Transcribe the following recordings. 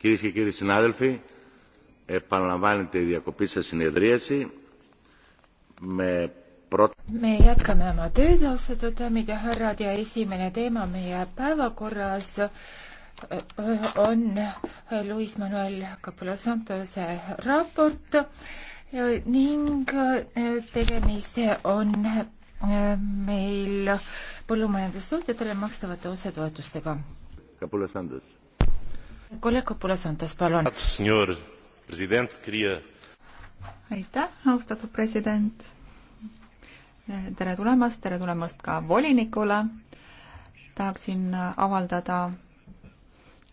Κυρίε και κύριοι συνάδελφοι, επαναλαμβάνεται η διακοπή σας συνεδρίαση με πρώτα... me jätkame oma tööd, austatud daamid ja härrad ja esimene teema meie päevakorras äh, on Luis Manuel Capola Santose raport ning äh, tegemist on äh, meil põllumajandustootjatele makstavate otsetoetustega. Capola Santos kolleeg Kopula Santos, palun. aitäh, austatud president. tere tulemast, tere tulemast ka volinikule. tahaksin avaldada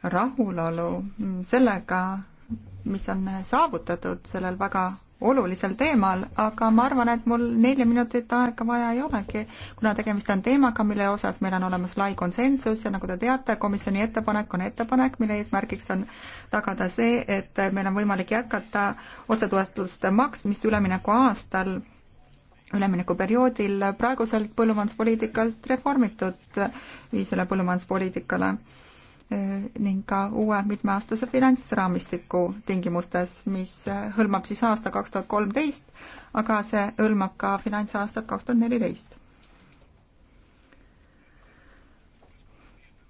rahulolu sellega, mis on saavutatud sellel väga olulisel teemal, aga ma arvan, et mul nelja minutit aega vaja ei olegi, kuna tegemist on teemaga, mille osas meil on olemas lai konsensus ja nagu te teate, komisjoni ettepanek on ettepanek, mille eesmärgiks on tagada see, et meil on võimalik jätkata otsetoetuste maksmist ülemineku aastal, üleminekuperioodil praeguselt põllumajanduspoliitikalt reformitud ühisele põllumajanduspoliitikale Äh, ning ka uue mitmeaastase finantsraamistiku tingimustes, mis äh, hõlmab siis aasta kaks tuhat kolmteist, aga see hõlmab ka finantsaastat kaks tuhat neliteist.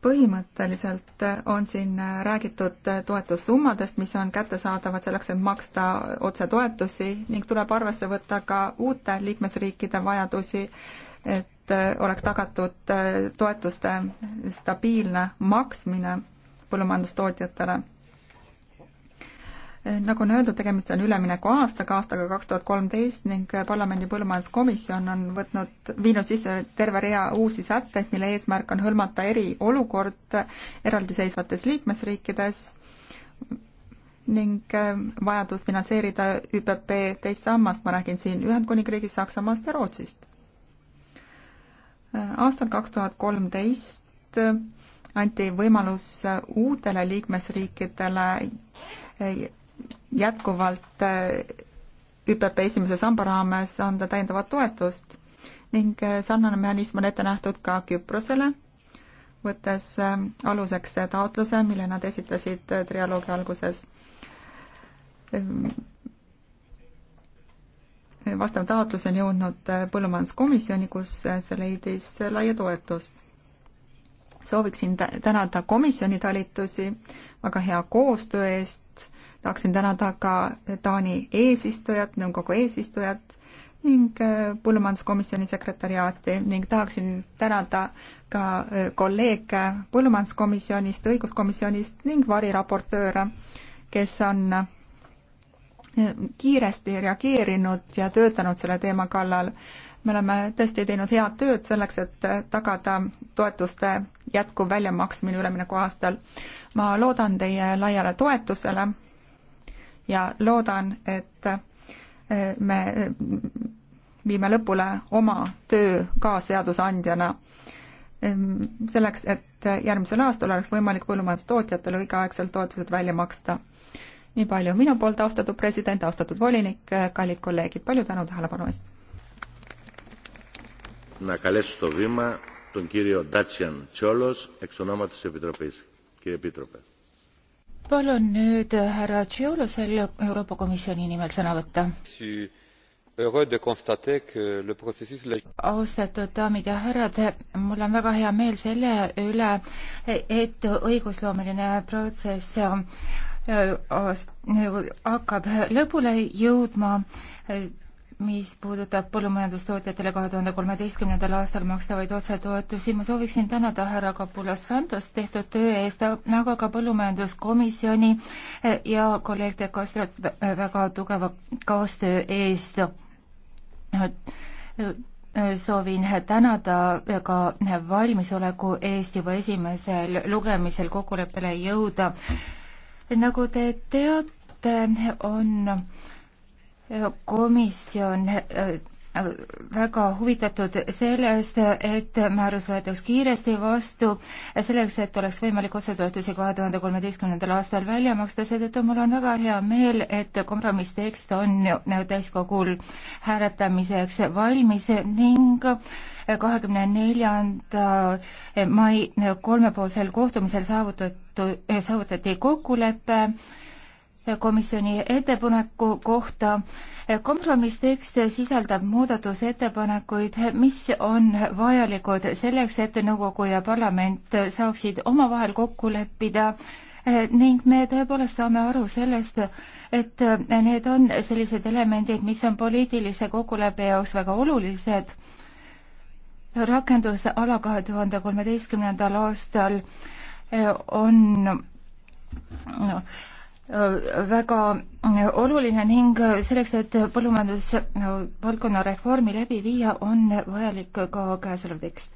põhimõtteliselt äh, on siin räägitud toetussummadest, mis on kättesaadavad selleks, et maksta otsetoetusi ning tuleb arvesse võtta ka uute liikmesriikide vajadusi, et et äh, oleks tagatud äh, toetuste stabiilne maksmine põllumajandustootjatele. Äh, nagu on öeldud, tegemist on ülemineku aastaga, aastaga kaks tuhat kolmteist ning parlamendi põllumajanduskomisjon on võtnud, viinud sisse terve rea uusi sätteid, mille eesmärk on hõlmata eriolukord eraldiseisvates liikmesriikides ning vajadus finantseerida ÜPP teist sammast, ma räägin siin Ühendkuningriigist, Saksamaast ja Rootsist aastal kaks tuhat kolmteist anti võimalus uutele liikmesriikidele jätkuvalt ÜPP esimese samba raames anda täiendavat toetust ning sarnane mehhanism on ette nähtud ka Küprosele, võttes aluseks taotluse, mille nad esitasid trialoogi alguses vastav taotlus on jõudnud äh, Põllumajanduskomisjoni, kus äh, see leidis äh, laia toetust. sooviksin tänada komisjoni talitusi väga hea koostöö eest, tahaksin tänada ka Taani eesistujat, nõukogu eesistujat ning Põllumajanduskomisjoni sekretariaati ning tahaksin tänada ka kolleege Põllumajanduskomisjonist, õiguskomisjonist ning variraportööre, kes on kiiresti reageerinud ja töötanud selle teema kallal. me oleme tõesti teinud head tööd selleks, et tagada toetuste jätkuv väljamaksmine üleminekuaastal. ma loodan teie laiale toetusele ja loodan, et eh, me eh, viime lõpule oma töö ka seadusandjana eh, selleks, et järgmisel aastal oleks võimalik põllumajandustootjatele õigeaegselt toetused välja maksta nii palju minu poolt, austatud president, austatud volinik, kallid kolleegid, palju tänu tähelepanu eest. na kalesu to vima, ton kirjo Dacian Tšolos, eks onomatus Epitropis, kirja Pitrope. palun nüüd härra Tšolosel Euroopa Komisjoni nimel sõna võtta. austatud daamid ja härrad, mul on väga hea meel selle üle, et õigusloomeline protsess hakkab lõpule jõudma, mis puudutab põllumajandustootjatele kahe tuhande kolmeteistkümnendal aastal makstavaid otsetoetusi. ma sooviksin tänada härra Kapulas Santos tehtud töö eest, aga nagu ka põllumajanduskomisjoni ja kolleeg De Castrot väga tugeva kaastöö eest soovin tänada ka valmisoleku eest juba esimesel lugemisel kokkuleppele jõuda nagu te teate, on komisjon väga huvitatud sellest, et määrus võetaks kiiresti vastu selleks, et oleks võimalik otsetoetusi kahe tuhande kolmeteistkümnendal aastal välja maksta, seetõttu mul on väga hea meel, et kompromisstekst on täiskogul hääletamiseks valmis ning kahekümne neljanda mai kolmepoolsel kohtumisel saavutatu, saavutati kokkulepe komisjoni ettepaneku kohta. kompromisstekst sisaldab muudatusettepanekuid, mis on vajalikud selleks, et nõukogu ja parlament saaksid omavahel kokku leppida ning me tõepoolest saame aru sellest, et need on sellised elemendid, mis on poliitilise kokkuleppe jaoks väga olulised. rakendusala kahe tuhande kolmeteistkümnendal aastal on no, väga oluline ning selleks, et põllumajandusvaldkonna reformi läbi viia, on vajalik ka käesolev tekst.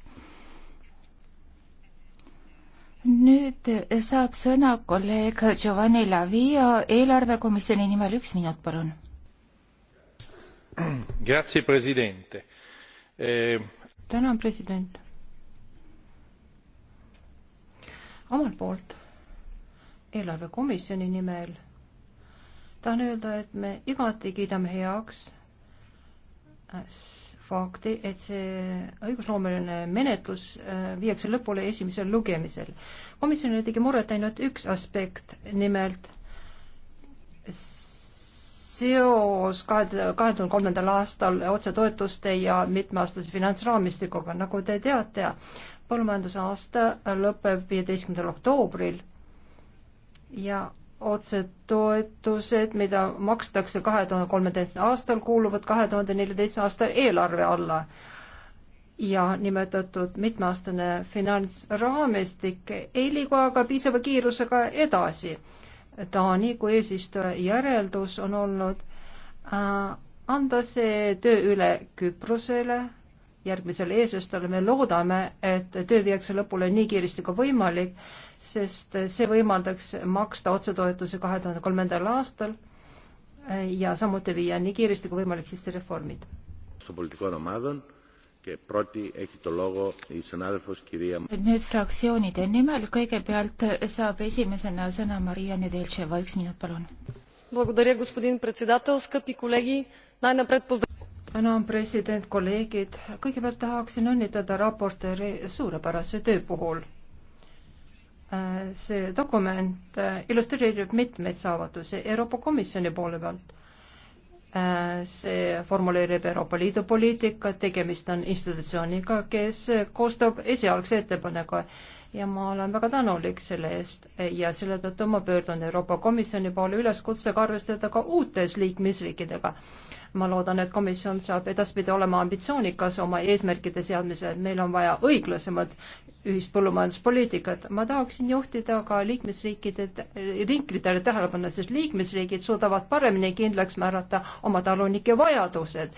nüüd saab sõna kolleeg Giovanni Lavia eelarvekomisjoni nimel, üks minut, palun. Ehm, tänan, president. omalt poolt eelarvekomisjoni nimel tahan öelda, et me igati kiidame heaks fakti, et see õigusloomeline menetlus äh, viiakse lõpule esimesel lugemisel. komisjonile tegi muret ainult üks aspekt, nimelt seos kahe, kahe tuhande kolmandal aastal otsetoetuste ja mitmeaastase finantsraamistikuga. nagu te teate, põllumajandusaasta lõpeb viieteistkümnendal oktoobril ja otsetoetused, mida makstakse kahe tuhande kolmeteistkümnendal aastal, kuuluvad kahe tuhande neljateistkümnenda aasta eelarve alla. ja nimetatud mitmeaastane finantsraamistik ei liigu aga piisava kiirusega edasi. Taani kui eesistuja järeldus on olnud äh, anda see töö üle Küprosele, järgmisele eesistujale me loodame, et töö viiakse lõpule nii kiiresti kui võimalik sest see võimaldaks maksta otsetoetusi kahe tuhande kolmandal aastal ja samuti viia nii kiiresti kui võimalik sisse reformid. nüüd fraktsioonide nimel, kõigepealt saab esimesena sõna Maria Nedeltševa, üks minut, palun. tänan, president, kolleegid, kõigepealt tahaksin õnnitleda raportööri suurepärase töö puhul see dokument äh, illustreerib mitmeid saavutusi Euroopa Komisjoni poole pealt. Äh, see formuleerib Euroopa Liidu poliitikat, tegemist on institutsiooniga, kes koostab esialgse ettepaneku ja ma olen väga tänulik selle eest ja selle tõttu ma pöördun Euroopa Komisjoni poole üleskutsega arvestada ka uutes liikmesriikidega ma loodan, et komisjon saab edaspidi olema ambitsioonikas oma eesmärkide seadmisel, meil on vaja õiglasemat ühist põllumajanduspoliitikat. ma tahaksin juhtida ka liikmesriikide, riikidele tähelepanu, sest liikmesriigid suudavad paremini kindlaks määrata oma talunike vajadused.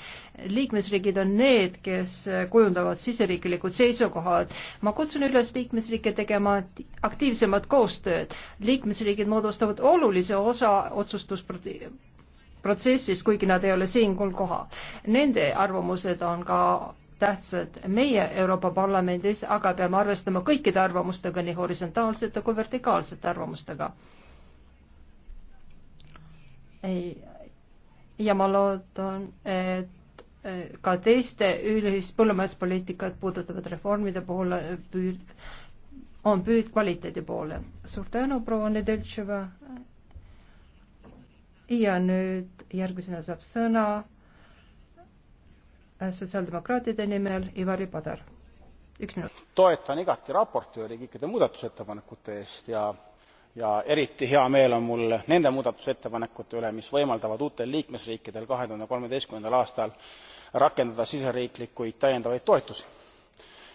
liikmesriigid on need, kes kujundavad siseriiklikud seisukohad. ma kutsun üles liikmesriike tegema aktiivsemat koostööd. liikmesriigid moodustavad olulise osa otsustusprotsessi protsessis, kuigi nad ei ole siinkohal kohal. Nende arvamused on ka tähtsad meie Euroopa Parlamendis, aga peame arvestama kõikide arvamustega, nii horisontaalsete kui vertikaalsete arvamustega. ja ma loodan, et eh, ka teiste üldist põllumajanduspoliitikat puudutavad reformide puhul püüd, on püüd kvaliteedi poole. suur tänu, proua Nedeltševa ja nüüd järgmisena saab sõna äh, sotsiaaldemokraatide nimel Ivari Padar. üks minut. toetan igati raportööri kõikide muudatusettepanekute eest ja ja eriti hea meel on mul nende muudatusettepanekute üle mis võimaldavad uutel liikmesriikidel 2013 aastal rakendada siseriiklikuid täiendavaid toetusi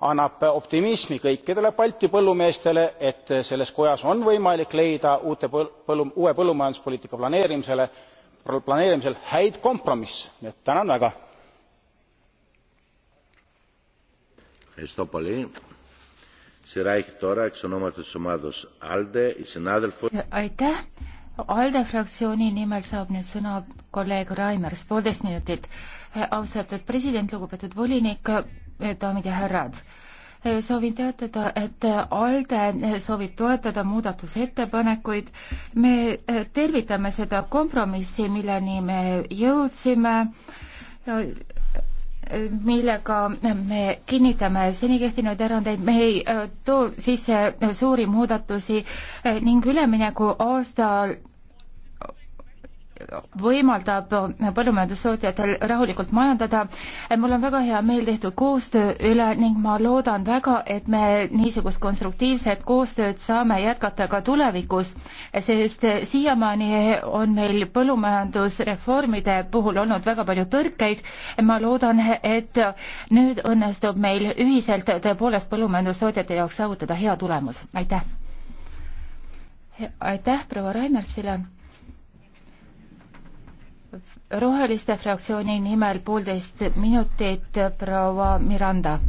annab optimismi kõikidele balti põllumeestele et selles kojas on võimalik leida uue põllumajanduspoliitika planeerimisel häid kompromisse nii et tänan väga! aitäh! ALDE fraktsiooni nimel saab nüüd sõna kolleeg Raimers, poolteist minutit. austatud president, lugupeetud volinik, Eh, daamid ja härrad. Eh, soovin teatada, et ALDE eh, soovib toetada muudatusettepanekuid. me tervitame seda kompromissi, milleni me jõudsime millega me kinnitame seni kehtinud erandeid, me ei too sisse suuri muudatusi ning ülemineku aastal võimaldab põllumajandustootjatel rahulikult majandada. mul on väga hea meel tehtud koostöö üle ning ma loodan väga, et me niisugust konstruktiivset koostööd saame jätkata ka tulevikus, sest siiamaani on meil põllumajandusreformide puhul olnud väga palju tõrkeid. ma loodan, et nüüd õnnestub meil ühiselt tõepoolest põllumajandustootjate jaoks saavutada hea tulemus. aitäh! aitäh proua Raimersile roheliste fraktsiooni nimel poolteist minutit proua Miranda.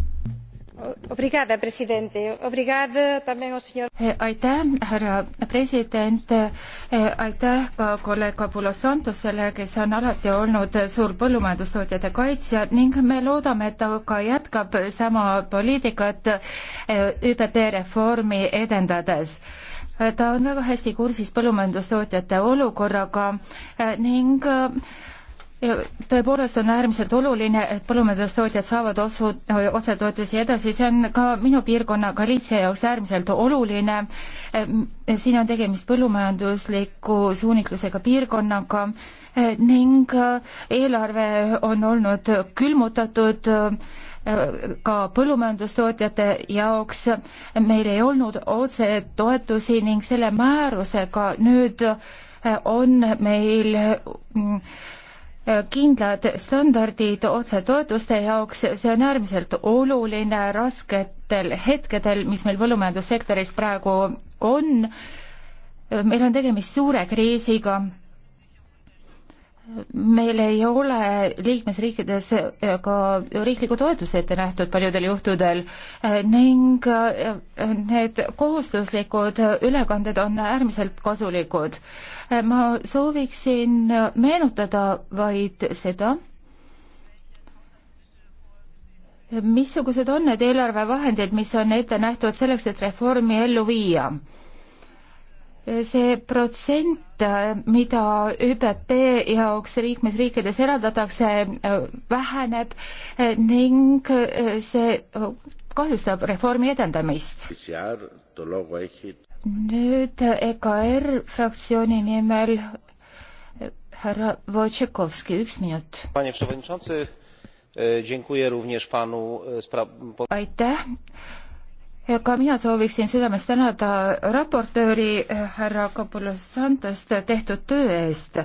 Eh, aitäh, härra president, eh, aitäh ka kolleeg Kabulo Santosele, kes on alati olnud suur põllumajandustootjate kaitsja ning me loodame, et ta ka jätkab sama poliitikat eh, ÜPP reformi edendades ta on väga hästi kursis põllumajandustootjate olukorraga eh, ning eh, tõepoolest on äärmiselt oluline, et põllumajandustootjad saavad otsu, eh, otsetoetusi edasi, see on ka minu piirkonna Galiitsia jaoks äärmiselt oluline. siin on tegemist põllumajandusliku suunitlusega piirkonnaga ning eelarve on olnud külmutatud ka põllumajandustootjate jaoks. meil ei olnud otsetoetusi ning selle määrusega nüüd äh, on meil mm, kindlad standardid otsetoetuste jaoks, see on äärmiselt oluline rasketel hetkedel, mis meil põllumajandussektoris praegu on. meil on tegemist suure kriisiga meil ei ole liikmesriikides eh, ka riiklikku toetust ette nähtud paljudel juhtudel eh, ning eh, need kohustuslikud ülekanded on äärmiselt kasulikud. ma sooviksin meenutada vaid seda, missugused on need eelarvevahendid, mis on ette nähtud selleks, et reformi ellu viia see protsent, mida ÜPP jaoks liikmesriikides eraldatakse, väheneb ning see kahjustab reformi edendamist. nüüd EKR fraktsiooni nimel härra Wojciechowski, üks minut. E, aitäh, ja ka mina sooviksin südamest tänada raportööri eh, härra Kapulas Santost tehtud töö eest.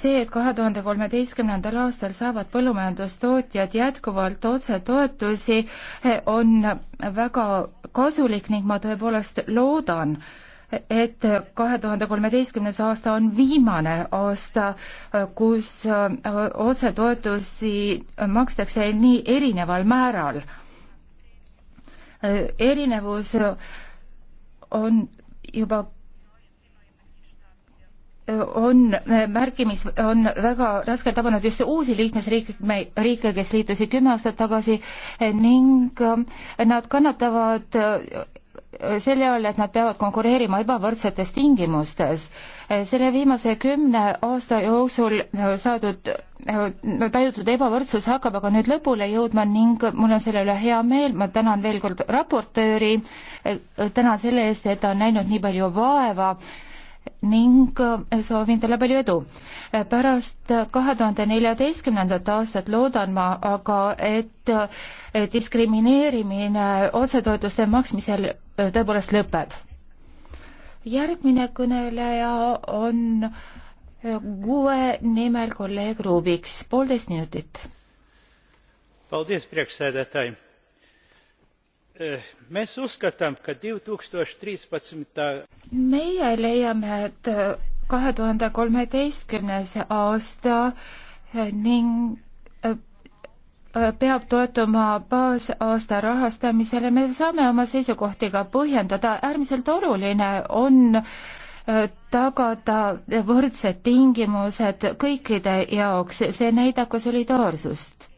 see, et kahe tuhande kolmeteistkümnendal aastal saavad põllumajandustootjad jätkuvalt otsetoetusi, eh, on väga kasulik ning ma tõepoolest loodan, et kahe tuhande kolmeteistkümnes aasta on viimane aasta, eh, kus otsetoetusi makstakse nii erineval määral erinevus on juba on märkimis, on väga raskelt tabanud just uusi liikmesriike, riike, kes liitusid kümme aastat tagasi ning nad kannatavad selle all, et nad peavad konkureerima ebavõrdsetes tingimustes. selle viimase kümne aasta jooksul saadud, tajutud ebavõrdsus hakkab aga nüüd lõpule jõudma ning mul on selle üle hea meel, ma tänan veel kord raportööri, tänan selle eest, et ta on näinud nii palju vaeva ning soovin talle palju edu. pärast kahe tuhande neljateistkümnendat aastat loodan ma aga, et diskrimineerimine otsetoetuste maksmisel Äh, tõepoolest lõpeb. järgmine kõneleja on kuue äh, nimel kolleeg Rubiks, poolteist minutit. Paldies, priekšsēdētāji. Äh, mēs uzskatām, ka 2013. Meie leiame, et 2013. aasta ning Äh, peab toetuma baasaasta rahastamisele, me saame oma seisukohti ka põhjendada, äärmiselt oluline on äh, tagada võrdsed tingimused kõikide jaoks, see näitab ka solidaarsust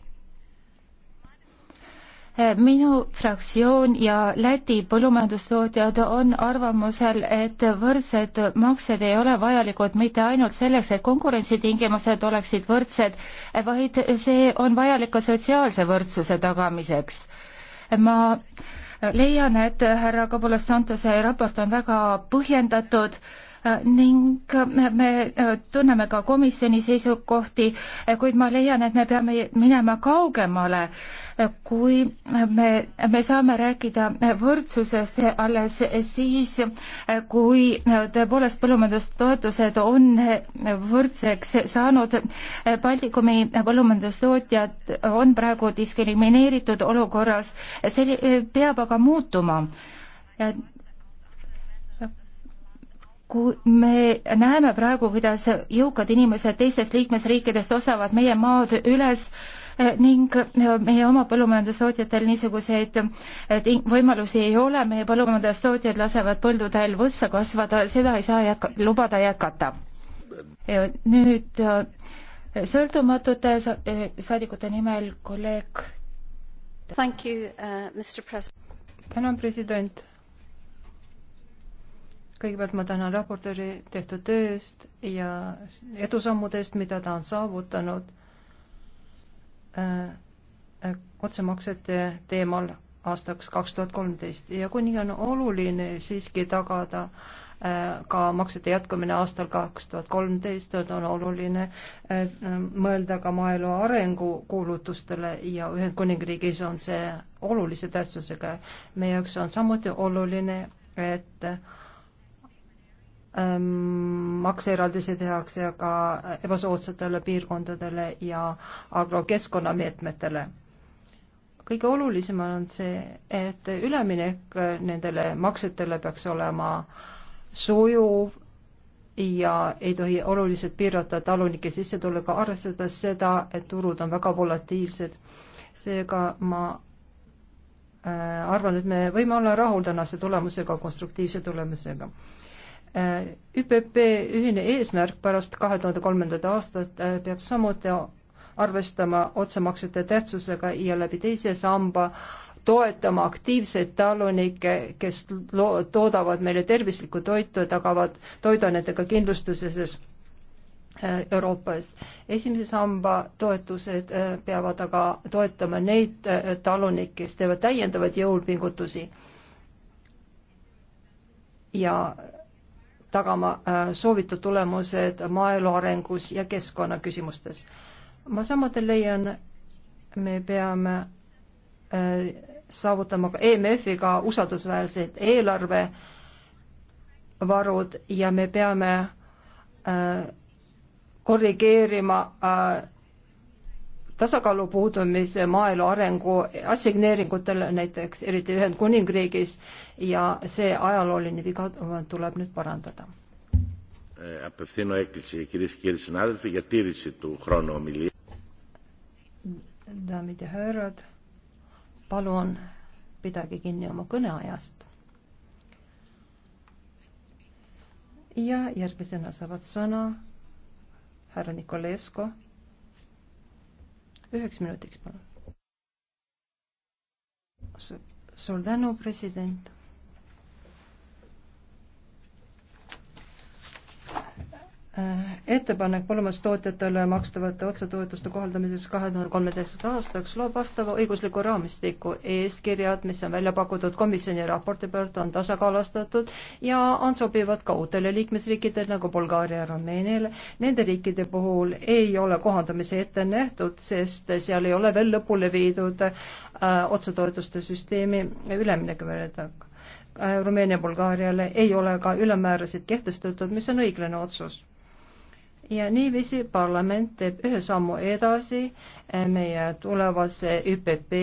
minu fraktsioon ja Läti põllumajandustootjad on arvamusel, et võrdsed maksed ei ole vajalikud mitte ainult selleks, et konkurentsitingimused oleksid võrdsed, vaid see on vajalik ka sotsiaalse võrdsuse tagamiseks. ma leian, et härra Kabulas Santose raport on väga põhjendatud ning me äh, tunneme ka komisjoni seisukohti, kuid ma leian, et me peame minema kaugemale, kui me, me saame rääkida võrdsusest alles siis, kui tõepoolest põllumajandustoetused on võrdseks saanud. Baltikumi põllumajandustootjad on praegu diskrimineeritud olukorras, see peab aga muutuma kui me näeme praegu, kuidas jõukad inimesed teistest liikmesriikidest osavad meie maad üles eh, ning eh, meie oma põllumajandustootjatel niisuguseid eh, võimalusi ei ole, meie põllumajandustootjad lasevad põldudel võssa kasvada, seda ei saa jätka, lubada jätkata. nüüd sõltumatute saadikute nimel kolleeg. tänan, president kõigepealt ma tänan raportööri tehtud tööst ja edusammudest, mida ta on saavutanud äh, äh, otsemaksete teemal aastaks kaks tuhat kolmteist ja kuni on oluline siiski tagada äh, ka maksete jätkumine aastal kaks tuhat kolmteist on oluline mõelda ka maaelu arengukuulutustele ja Ühendkuningriigis on see olulise tähtsusega. meie jaoks on samuti oluline, et äh, Ähm, makseeraldisi tehakse ka ebasoodsatele piirkondadele ja agrokeskkonnameetmetele kõige olulisem on see, et üleminek nendele maksetele peaks olema sujuv ja ei tohi oluliselt piirata talunike sissetulekuga, arvestades seda, et turud on väga volatiilsed. seega ma äh, arvan, et me võime olla rahul tänase tulemusega, konstruktiivse tulemusega. Äh, ÜPP ühine eesmärk pärast kahe tuhande kolmandat aastat äh, peab samuti arvestama otsemaksete tähtsusega ja läbi teise samba toetama aktiivseid talunikke, kes toodavad meile tervislikku toitu ja tagavad toiduainetega kindlustuses äh, Euroopas. esimese samba toetused peavad aga toetama neid talunikke, kes teevad täiendavaid jõulpingutusi ja tagama äh, soovitud tulemused maaelu arengus ja keskkonnaküsimustes. ma samuti leian, me peame äh, saavutama ka EMF-iga usaldusväärsed eelarvevarud ja me peame äh, korrigeerima äh, tasakaalu puudumise maaelu arengu assigneeringutele näiteks eriti Ühendkuningriigis ja see ajalooline viga tuleb nüüd parandada. Απευθύνω έκκληση κυρίες και κύριοι συνάδελφοι για τήρηση του χρόνου ομιλίας. Daamid ja härrad, palun pidage kinni oma kõneajast. ja järgmisena saavad sõna härra Nikolesko üheks minutiks, palun. suur tänu, president Äh, ettepanek põllumajandustootjatele makstavate otsetoetuste kohaldamises kahe tuhande kolmeteistkümnendaks aastaks loob vastava õigusliku raamistiku. eeskirjad, mis on välja pakutud komisjoni raporti poolt, on tasakaalustatud ja on sobivad ka uutele liikmesriikidele nagu Bulgaaria ja Rumeeniale. Nende riikide puhul ei ole kohandamisi ette nähtud, sest seal ei ole veel lõpule viidud äh, otsetoetuste süsteemi üleminekuperiood äh, Rumeenia Bulgaariale ei ole ka ülemmäärasid kehtestatud, mis on õiglane otsus ja niiviisi parlament teeb ühe sammu edasi eh, meie tulevase ÜPP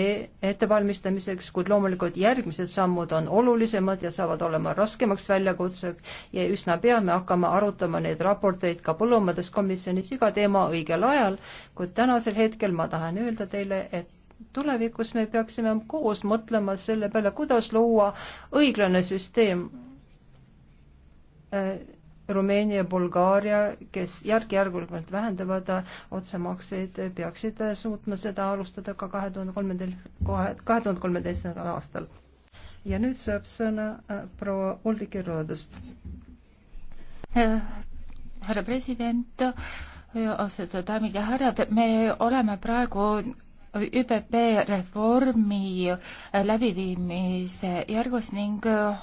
ettevalmistamiseks, kuid loomulikult järgmised sammud on olulisemad ja saavad olema raskemaks väljakutseks ja üsna pea me hakkame arutama neid raporteid ka põllumajanduskomisjonis iga teema õigel ajal, kuid tänasel hetkel ma tahan öelda teile, et tulevikus me peaksime koos mõtlema selle peale, kuidas luua õiglane süsteem äh, Rumeenia ja Bulgaaria, kes järk-järgult vähendavad otsemakseid, peaksid suutma seda alustada ka kahe tuhande kolmandal, kahe, kahe tuhande kolmeteistkümnendal aastal. ja nüüd saab sõna äh, proua Ulrike Roodust. Äh, härra president, äh, austatud daamid ja härrad, me oleme praegu ÜPP reformi läbiviimise järgus ning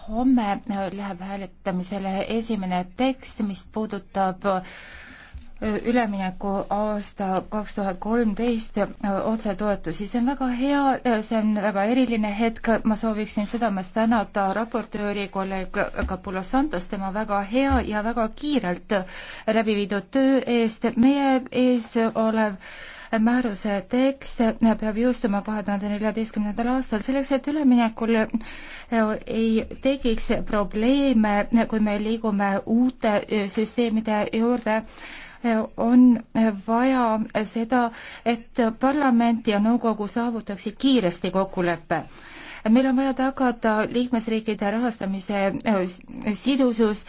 homme läheb hääletamisele esimene tekst, mis puudutab ülemineku aasta kaks tuhat kolmteist otsetoetusi, see on väga hea, see on väga eriline hetk, ma sooviksin südamest tänada raportööri kolleeg Capula Santos tema väga hea ja väga kiirelt läbi viidud töö eest, meie ees olev äh, määruse tekst peab jõustuma kahe tuhande neljateistkümnendal aastal, selleks et üleminekul äh, ei tekiks probleeme, kui me liigume uute äh, süsteemide juurde äh, on vaja seda, et parlament ja nõukogu saavutaksid kiiresti kokkuleppe. meil on vaja tagada liikmesriikide rahastamise sidusus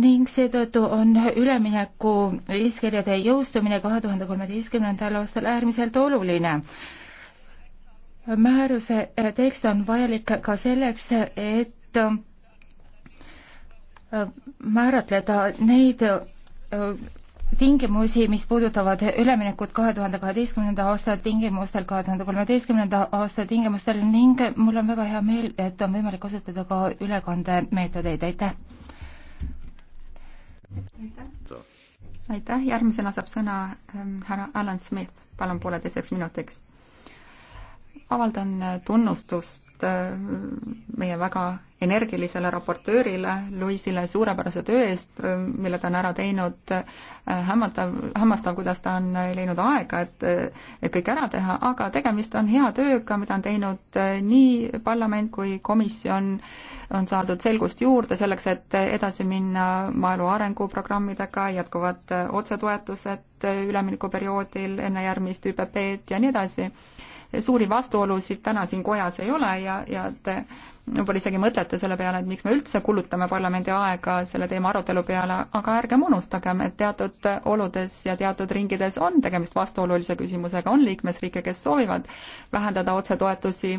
ning seetõttu on ülemineku eeskirjade jõustumine kahe tuhande kolmeteistkümnendal aastal äärmiselt oluline määruse tekst on vajalik ka selleks, et äh, määratleda neid äh, tingimusi, mis puudutavad üleminekut kahe tuhande kaheteistkümnenda aasta tingimustel, kahe tuhande kolmeteistkümnenda aasta tingimustel ning mul on väga hea meel, et on võimalik kasutada ka ülekandemeetodeid, aitäh! aitäh. aitäh, järgmisena saab sõna ähm, härra Alan Smith, palun pooleteiseks minutiks. avaldan äh, tunnustust äh, meie väga energilisele raportöörile Luisile suurepärase töö eest, mille ta on ära teinud, hämmatav, hämmastav, kuidas ta on leidnud aega, et, et kõik ära teha, aga tegemist on hea tööga, mida on teinud nii parlament kui komisjon, on saadud selgust juurde selleks, et edasi minna maaelu arenguprogrammidega, jätkuvad otsetoetused üleminekuperioodil enne järgmist ÜPP-d ja nii edasi suuri vastuolusid täna siin kojas ei ole ja, ja et võib-olla isegi mõtlete selle peale, et miks me üldse kulutame parlamendi aega selle teema arutelu peale, aga ärgem unustagem, et teatud oludes ja teatud ringides on tegemist vastuolulise küsimusega, on liikmesriike, kes soovivad vähendada otsetoetusi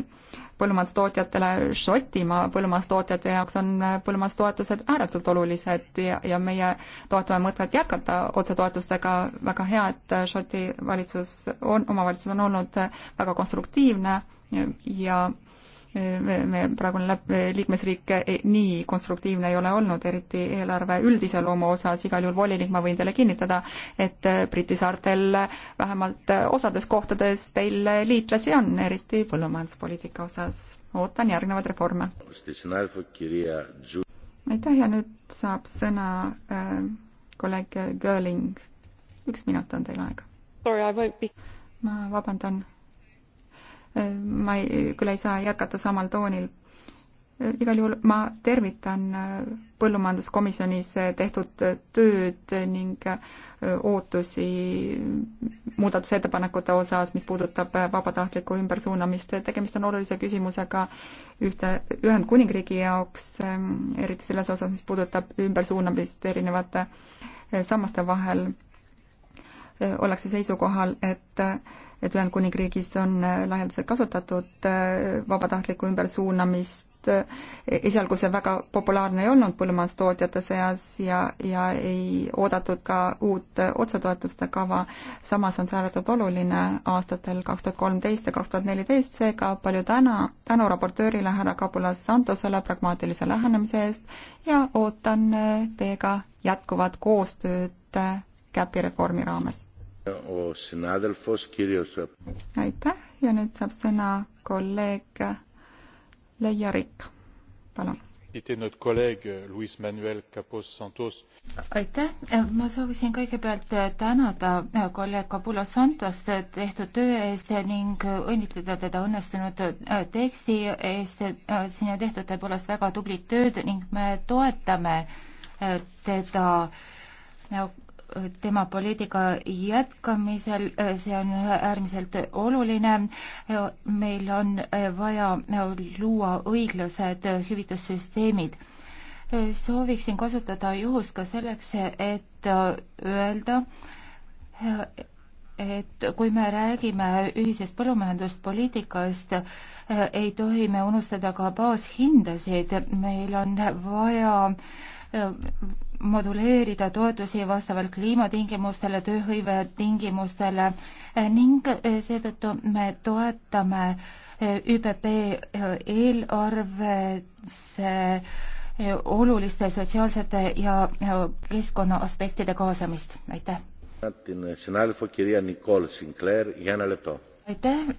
põllumajandustootjatele, Šotimaa põllumajandustootjate jaoks on põllumajandustoetused ääretult olulised ja, ja meie toetame mõtet jätkata otsetoetustega, väga hea, et Šoti valitsus on, omavalitsus on olnud väga konstruktiivne ja me praegune liikmesriik eh, nii konstruktiivne ei ole olnud, eriti eelarve üldise loomu osas, igal juhul volinik, ma võin teile kinnitada, et eh, Briti saartel vähemalt eh, osades kohtades teil liitlasi on, eriti põllumajanduspoliitika osas. ootan järgnevaid reforme. aitäh ja nüüd saab sõna äh, kolleeg Görling. üks minut on teil aega. Be... ma vabandan ma ei, küll ei saa jätkata samal toonil. igal juhul ma tervitan äh, põllumajanduskomisjonis äh, tehtud tööd ning äh, ootusi muudatusettepanekute osas, mis puudutab vabatahtlikku ümbersuunamist. tegemist on olulise küsimusega ühte, Ühendkuningriigi jaoks, ähm, eriti selles osas, mis puudutab ümbersuunamist erinevate sammaste vahel. ollakse seisukohal, et et Ühendkuningriigis on äh, laialdaselt kasutatud äh, vabatahtlikku ümbersuunamist, e-, esialgu see väga populaarne ei olnud põllumajandustootjate seas ja, ja ei oodatud ka uut äh, otsetoetuste kava, samas on see ääretult oluline aastatel kaks tuhat kolmteist ja kaks tuhat neliteist, seega palju täna, tänu raportöörile härra Kabulas Santosele pragmaatilise lähenemise eest ja ootan teiega jätkuvat koostööd käpireformi raames aitäh ja nüüd saab sõna kolleeg Leia Rikk, palun. aitäh, ma soovisin kõigepealt tänada kolleeg Capula Santost tehtud töö eest ning õnnitleda teda õnnestunud teksti eest. siin on tehtud tõepoolest väga tublit tööd ning me toetame teda tema poliitika jätkamisel, see on äärmiselt oluline. meil on vaja luua õiglased hüvitussüsteemid. sooviksin kasutada juhust ka selleks, et öelda, et kui me räägime ühisest põllumajanduspoliitikast, ei tohi me unustada ka baashindasid, meil on vaja moduleerida toetusi vastavalt kliimatingimustele, tööhõive tingimustele ning seetõttu me toetame ÜPP eelarves oluliste sotsiaalsete ja keskkonna aspektide kaasamist, aitäh. aitäh,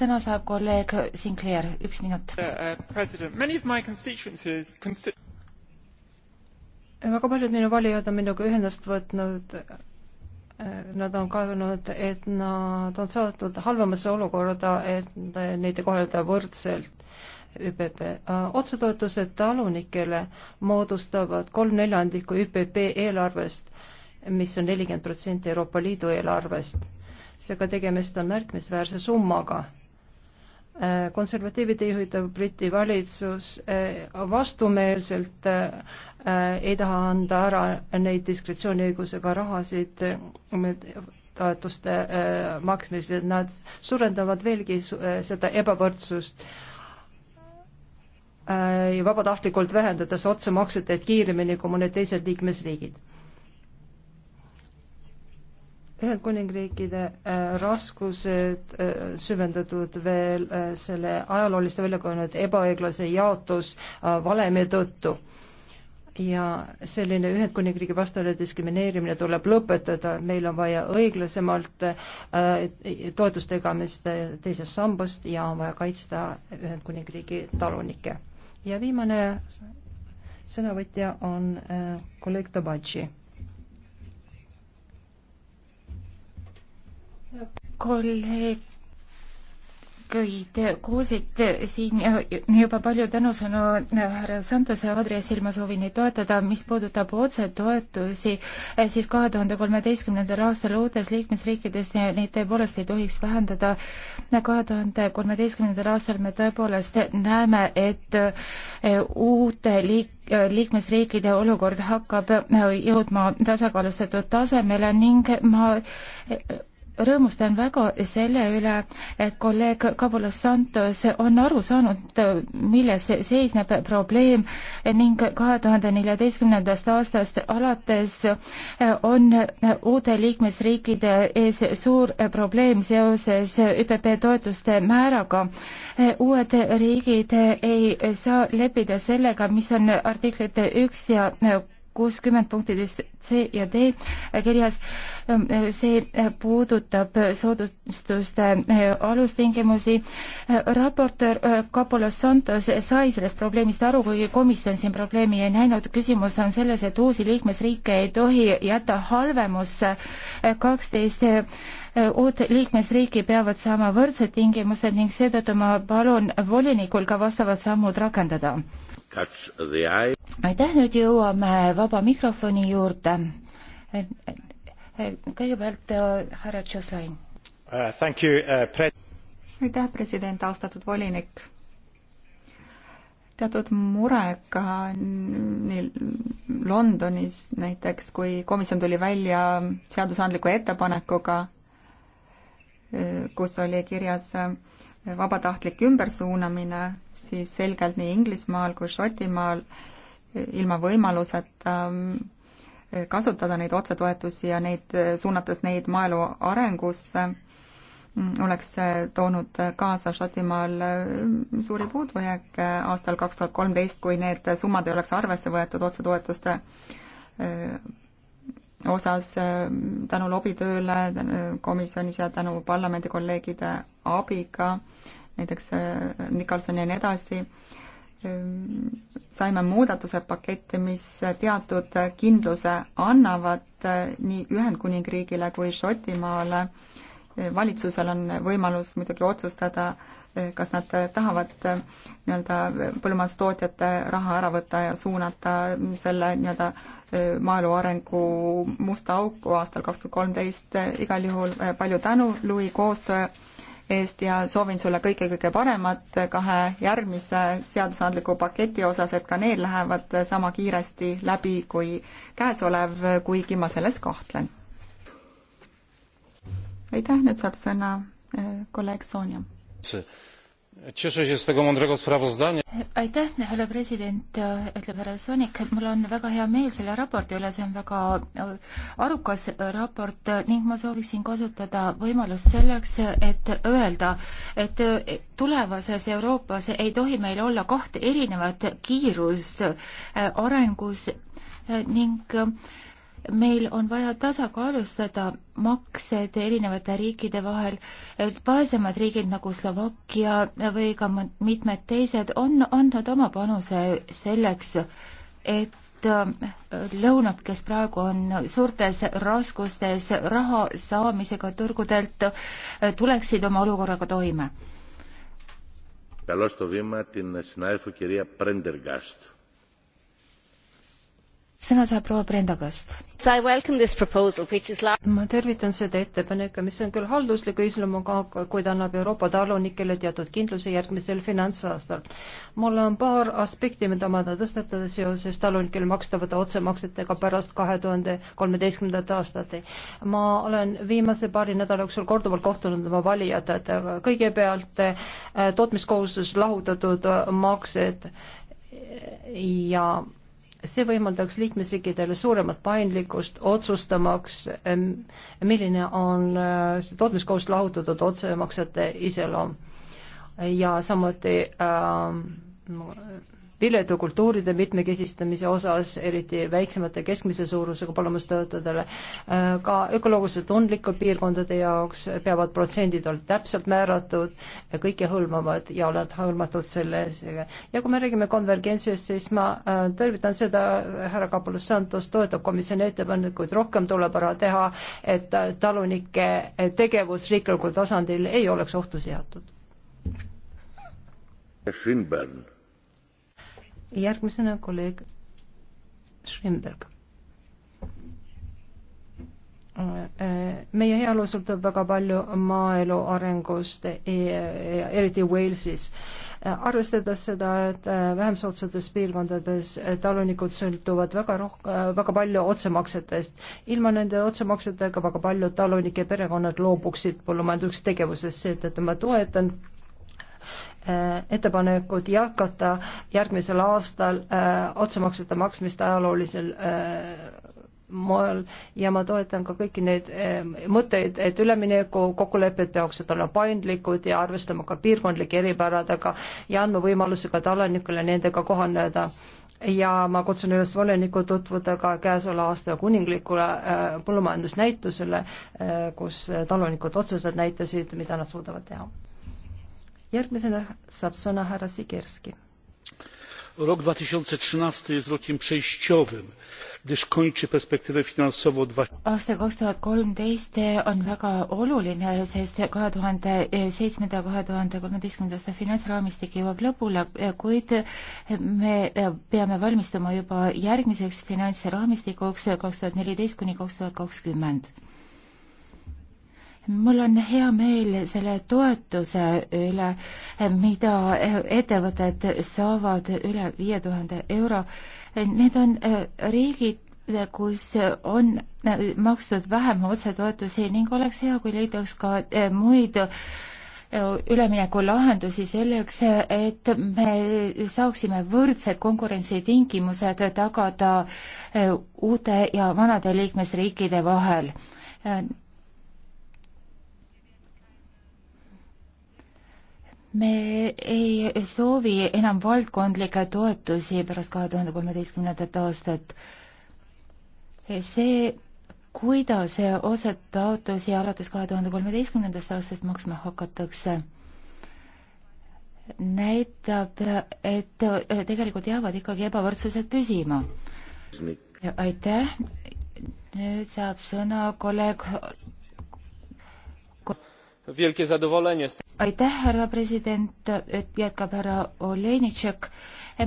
sõna saab kolleeg Sinclair, üks minut väga paljud minu valijad on minuga ühendust võtnud. Äh, nad on kaevanud, et nad on saadetud halvemasse olukorda, et neid ei kohelda võrdselt ÜPP. Äh, otsetoetused talunikele moodustavad kolm neljandikku ÜPP eelarvest, mis on nelikümmend protsenti Euroopa Liidu eelarvest. seega tegemist on märkimisväärse summaga Äh, konservatiivide juhitav Briti valitsus äh, vastumeelselt äh, ei taha anda ära neid diskretsiooniõigusega rahasid toetuste maksmisel, nad suurendavad veelgi seda ebavõrdsust ja vabatahtlikult vähendades otsemakseteid kiiremini kui mõned teised liikmesriigid Ühendkuningriikide äh, raskused äh, süvendatud veel äh, selle ajalooliste väljakujunenud ebaõiglase jaotusvalemi tõttu ja selline Ühendkuningriigi vastane diskrimineerimine tuleb lõpetada, meil on vaja õiglasemalt toetuste jagamist teisest sambast ja on vaja kaitsta Ühendkuningriigi talunikke. ja viimane sõnavõtja on kolleeg Tabatši kolleegid kuulsid siin juba palju tänusõnu härra Santose aadressil, ma soovin neid toetada, mis puudutab otsetoetusi, siis kahe tuhande kolmeteistkümnendal aastal uutes liikmesriikides neid tõepoolest ei tohiks vähendada. kahe tuhande kolmeteistkümnendal aastal me tõepoolest näeme, et e, uute liik-, liikmesriikide olukord hakkab e, jõudma tasakaalustatud tasemele ning ma e, rõõmustan väga selle üle, et kolleeg Kabulas Santos on aru saanud, milles seisneb probleem ning kahe tuhande neljateistkümnendast aastast alates on uute liikmesriikide ees suur probleem seoses ÜPP toetuste määraga. uued riigid ei saa leppida sellega, mis on artiklite üks ja kuuskümmend punktides C ja D kirjas. see puudutab soodustuste alustingimusi. raportöör Capolas Santos sai sellest probleemist aru, kuigi komisjon siin probleemi ei näinud. küsimus on selles, et uusi liikmesriike ei tohi jätta halvemusse. kaksteist Äh, uut liikmesriiki peavad saama võrdsed tingimused ning seetõttu ma palun volinikul ka vastavad sammud rakendada. aitäh, nüüd jõuame vaba mikrofoni juurde. Äh, äh, kõigepealt härra Tšoslain uh,. uh aitäh, president, austatud volinik teatud murega neil Londonis näiteks, kui komisjon tuli välja seadusandliku ettepanekuga, kus oli kirjas eh, vabatahtlik ümbersuunamine, siis selgelt nii Inglismaal kui Šotimaal eh, ilma võimaluseta eh, kasutada neid otsetoetusi ja neid, suunates neid maaelu arengusse, mm, oleks toonud kaasa Šotimaal suuri puudujääke aastal kaks tuhat kolmteist, kui need summad ei oleks arvesse võetud otsetoetuste osas äh, tänu lobitööle komisjonis ja tänu parlamendi kolleegide abiga, näiteks äh, Nikolson ja nii edasi, ähm, saime muudatuse paketti, mis teatud kindluse annavad äh, nii Ühendkuningriigile kui Šotimaale äh, valitsusel on võimalus muidugi otsustada, kas nad tahavad eh, nii-öelda põllumajandustootjate raha ära võtta ja suunata selle nii-öelda eh, maaelu arengu musta auku aastal kaks tuhat kolmteist. igal juhul eh, palju tänu, Louis, koostöö eest ja soovin sulle kõike kõige paremat kahe järgmise seadusandliku paketi osas, et ka need lähevad sama kiiresti läbi kui käesolev, kuigi ma selles kahtlen aitäh, nüüd saab sõna eh, kolleeg Sonja. aitäh, härra president, ütleb härra Sonik, mul on väga hea meel selle raporti üle, see on väga äh, arukas raport ning ma sooviksin kasutada võimalust selleks, et öelda, et äh, tulevases Euroopas ei tohi meil olla kahte erinevat kiirust äh, arengus ning äh, meil on vaja tasakaalustada maksed erinevate riikide vahel. vaesemad riigid nagu Slovakkia või ka mitmed teised on andnud oma panuse selleks, et äh, lõunad, kes praegu on suurtes raskustes raha saamisega turgudelt, äh, tuleksid oma olukorraga toime. Καλώς το βήμα την συνάδελφο κυρία Πρέντεργκάστ sõna saab proua Brenda Kast. ma tervitan seda ettepanekut, mis on küll haldusliku iseloomuga, kuid annab Euroopa talunikele teatud kindluse järgmisel finantsaastal. mul on paar aspekti, mida ma tahan tõstatada seoses talunikele makstavate otsemaksetega pärast kahe tuhande kolmeteistkümnendat aastat. ma olen viimase paari nädala jooksul korduvalt kohtunud oma valijatega, kõigepealt eh, tootmiskohustus lahutatud maksed ja see võimaldaks liikmesriikidele suuremat paindlikkust otsustamaks, milline on äh, tootmiskohust lahutatud otsemaksete iseloom ja samuti äh, viljade kultuuride mitmekesistamise osas, eriti väiksemate keskmise suurusega põllumajandustöötajatele, äh, ka ökoloogiliselt tundlikud piirkondade jaoks peavad protsendid olema täpselt määratud ja kõike hõlmavad ja oled hõlmatud selles. ja kui me räägime konvergentsist, siis ma äh, tervitan seda, äh, härra Kapolus Santos toetab komisjoni ettepanekuid, rohkem tuleb ära teha, et talunike tegevus riiklikul tasandil ei oleks ohtu seatud. Swinburne järgmisena kolleeg Schwimberg. meie heaolu sõltub väga palju maaelu arengust, e- eriti Walesis. arvestades seda, et äh, vähem soodsates piirkondades äh, talunikud sõltuvad väga roh-, äh, väga palju otsemaksetest. ilma nende otsemaksetega väga paljud talunike perekonnad loobuksid põllumajandustegevusest, seetõttu ma toetan Äh, ettepanekut jätkata järgmisel aastal äh, otsemaksete maksmist ajaloolisel äh, moel ja ma toetan ka kõiki neid mõtteid, et ülemineku kokkulepped peaksid olema paindlikud ja arvestama ka piirkondlike eripäradega ja andma võimaluse ka talanikule nendega kohaneda. ja ma kutsun üles volinikku tutvuda ka käesoleva aasta kuninglikule põllumajandusnäitusele, kus talunikud otseselt näitasid, mida nad suudavad teha järgmisena saab sõna härra Sikerski. Rok 2013 jest rokiem przejściowym, gdyż kończy perspektywę finansową. aasta kaks tuhat kolmteist on väga oluline, sest kahe tuhande seitsmenda, kahe tuhande kolmeteistkümnenda aasta finantsraamistik jõuab lõpule, kuid me peame valmistuma juba järgmiseks finantsraamistikuks kaks tuhat neliteist kuni kaks tuhat kakskümmend mul on hea meel selle toetuse üle, mida ettevõtted saavad üle viie tuhande euro. Need on äh, riigid, kus on äh, makstud vähem otsetoetusi ning oleks hea, kui leidaks ka äh, muid üleminekulahendusi selleks, et me saaksime võrdsed konkurentsitingimused tagada uute ja vanade liikmesriikide vahel me ei soovi enam valdkondlikke toetusi pärast kahe tuhande kolmeteistkümnendat aastat. see, kuidas osa taotlusi alates kahe tuhande kolmeteistkümnendast aastast maksma hakatakse, näitab, et tegelikult jäävad ikkagi ebavõrdsused püsima. aitäh, nüüd saab sõna kolleeg wielkie zadowolenie z aitäh, härra president, et jätkab härra Olenitšek.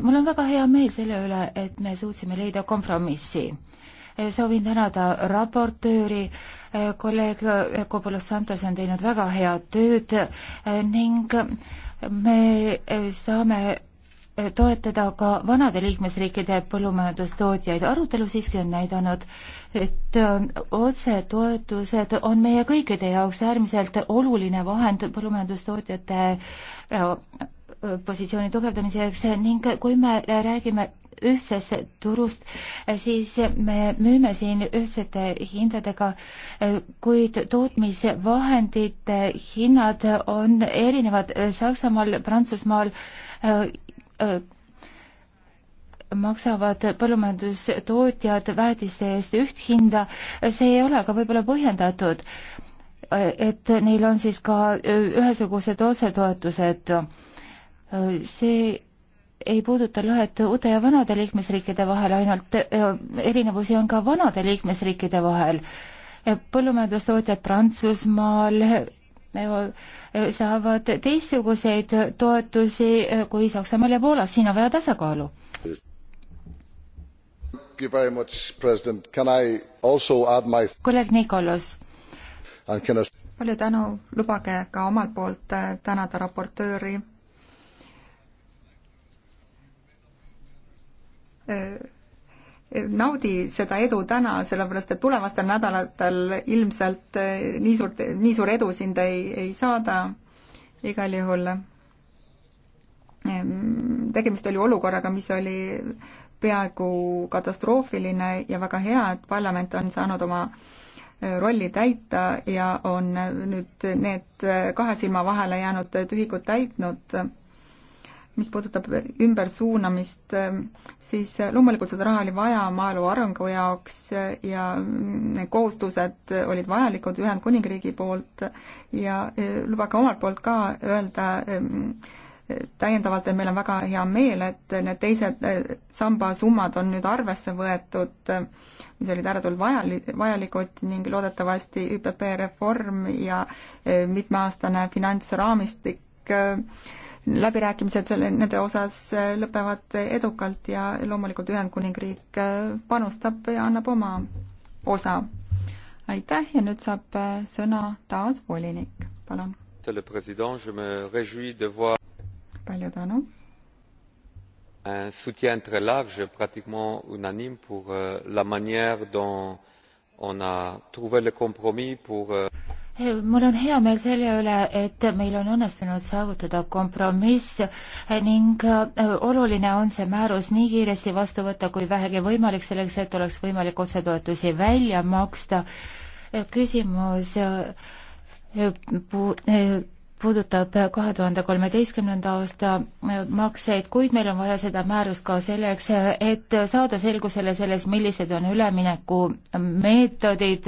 mul on väga hea meel selle üle, et me suutsime leida kompromissi. E, soovin tänada raportööri, e, kolleeg Kobolos Santos on teinud väga head tööd e, ning me saame toetada ka vanade liikmesriikide põllumajandustootjaid. arutelu siiski on näidanud, et äh, otsetoetused on meie kõikide jaoks äärmiselt oluline vahend põllumajandustootjate äh, äh, positsiooni tugevdamiseks ning kui me räägime ühtsest turust, siis me müüme siin ühtsete hindadega, kuid tootmisvahendite hinnad on erinevad Saksamaal, Prantsusmaal maksavad põllumajandustootjad väetiste eest üht hinda, see ei ole ka võib-olla põhjendatud, et neil on siis ka ühesugused otsetoetused. see ei puuduta lõhet uute ja vanade liikmesriikide vahel, ainult erinevusi on ka vanade liikmesriikide vahel. põllumajandustootjad Prantsusmaal, saavad teistsuguseid toetusi kui Saksamaal ja Poolas, siin on vaja tasakaalu. kolleeg Nikolas. palju tänu, lubage ka omalt poolt äh, tänada raportööri äh, naudi seda edu täna, sellepärast et tulevastel nädalatel ilmselt eh, nii suurt, nii suur edu sind ei, ei saada igal juhul. Ehm, tegemist oli olukorraga, mis oli peaaegu katastroofiline ja väga hea, et parlament on saanud oma eh, rolli täita ja on nüüd need kahe silma vahele jäänud tühikud täitnud mis puudutab ümbersuunamist, ähm, siis äh, loomulikult seda raha oli vaja maaelu arengu jaoks äh, ja mm, need kohustused olid vajalikud Ühendkuningriigi poolt ja äh, lubage omalt poolt ka öelda ähm, täiendavalt, et meil on väga hea meel, et need teised samba summad on nüüd arvesse võetud, mis olid ääretult vajali-, vajalikud ning loodetavasti ÜPP reform ja mitmeaastane finantsraamistik kõik äh, läbirääkimised selle, nende osas äh, lõpevad edukalt ja loomulikult Ühendkuningriik äh, panustab ja annab oma osa. aitäh ja nüüd saab sõna taas volinik, palun. palju tänu un soutien très large pratiquement unanime pour euh, la manière dont on a trouvé le compromis pour euh, mul on hea meel selle üle, et meil on õnnestunud saavutada kompromiss ning äh, oluline on see määrus nii kiiresti vastu võtta kui vähegi võimalik, selleks et oleks võimalik otsetoetusi välja maksta. Äh, küsimus äh, puudutab kahe tuhande kolmeteistkümnenda aasta makseid, kuid meil on vaja seda määrust ka selleks, et saada selgusele selles, millised on üleminekumeetodid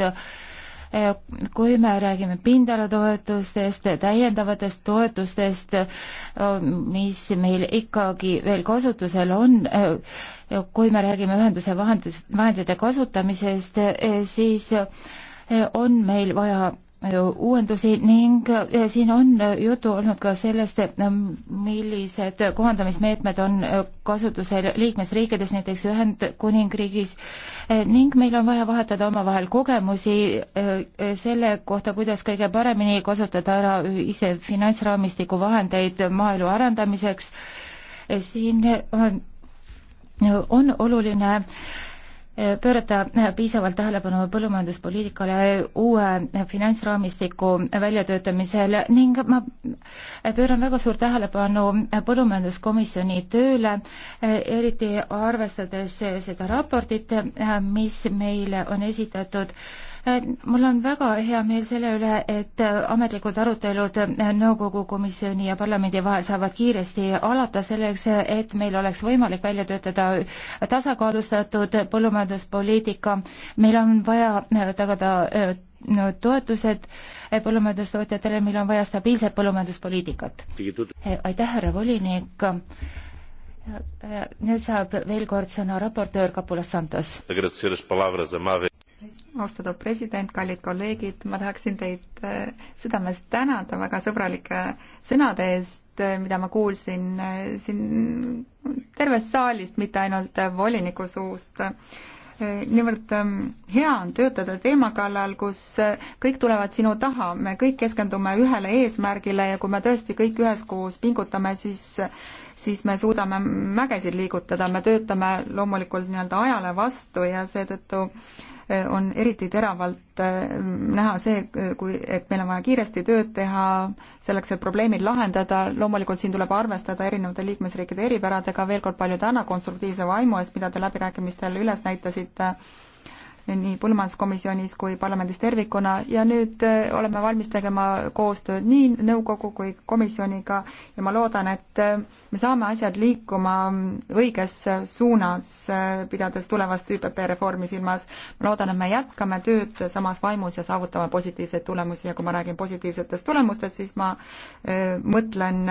kui me räägime pindalatoetustest, täiendavatest toetustest, mis meil ikkagi veel kasutusel on, kui me räägime ühenduse vahendist, vahendite kasutamisest, siis on meil vaja Äh, uuendusi ning äh, siin on äh, juttu olnud ka sellest, ähm, millised kohandamismeetmed on kasutusel liikmesriikides, näiteks Ühendkuningriigis ning meil on vaja vahetada omavahel kogemusi selle kohta, kuidas kõige paremini kasutada ära ise finantsraamistiku vahendeid maaelu arendamiseks. siin on, on oluline äh, pöörata piisavalt tähelepanu põllumajanduspoliitikale uue finantsraamistiku väljatöötamisel ning ma pööran väga suurt tähelepanu põllumajanduskomisjoni tööle, eriti arvestades seda raportit, mis meile on esitatud äh, Äh, mul on väga hea meel selle üle, et äh, ametlikud arutelud äh, nõukogu komisjoni ja parlamendi vahel saavad kiiresti alata selleks, et meil oleks võimalik välja töötada tasakaalustatud põllumajanduspoliitika. meil on vaja tagada no, toetused põllumajandustootjatele, meil on vaja stabiilset põllumajanduspoliitikat. aitäh, härra volinik. nüüd saab veel kord sõna raportöör Kapulas Santos austatud president, kallid kolleegid, ma tahaksin teid äh, südamest tänada väga sõbralike sõnade eest, äh, mida ma kuulsin äh, siin tervest saalist, mitte ainult voliniku suust. niivõrd ähm, hea on töötada teema kallal, kus kõik tulevad sinu taha, me kõik keskendume ühele eesmärgile ja kui me tõesti kõik üheskoos pingutame, siis siis me suudame mägesid liigutada, me töötame loomulikult nii-öelda ajale vastu ja seetõttu äh, on eriti teravalt äh, näha see, äh, kui, et meil on vaja kiiresti tööd teha selleks, et probleemid lahendada, loomulikult siin tuleb arvestada erinevate liikmesriikide eripäradega, veel kord palju tänu konstruktiivse vaimu eest, mida te läbirääkimistel üles näitasite nii põllumajanduskomisjonis kui parlamendis tervikuna ja nüüd äh, oleme valmis tegema koostööd nii nõukogu kui komisjoniga ja ma loodan, et äh, me saame asjad liikuma õiges äh, suunas, pidades tulevast ÜPP reformi silmas. ma loodan, et me jätkame tööd samas vaimus ja saavutame positiivseid tulemusi ja kui ma räägin positiivsetest tulemustest, siis ma mõtlen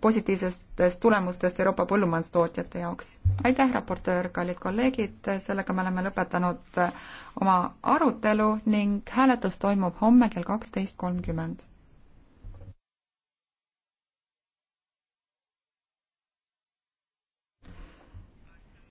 positiivsetest tulemustest Euroopa põllumajandustootjate jaoks. aitäh, raportöör, kallid kolleegid, sellega me oleme lõpetanud oma arutelu ning hääletus toimub homme kell kaksteist kolmkümmend.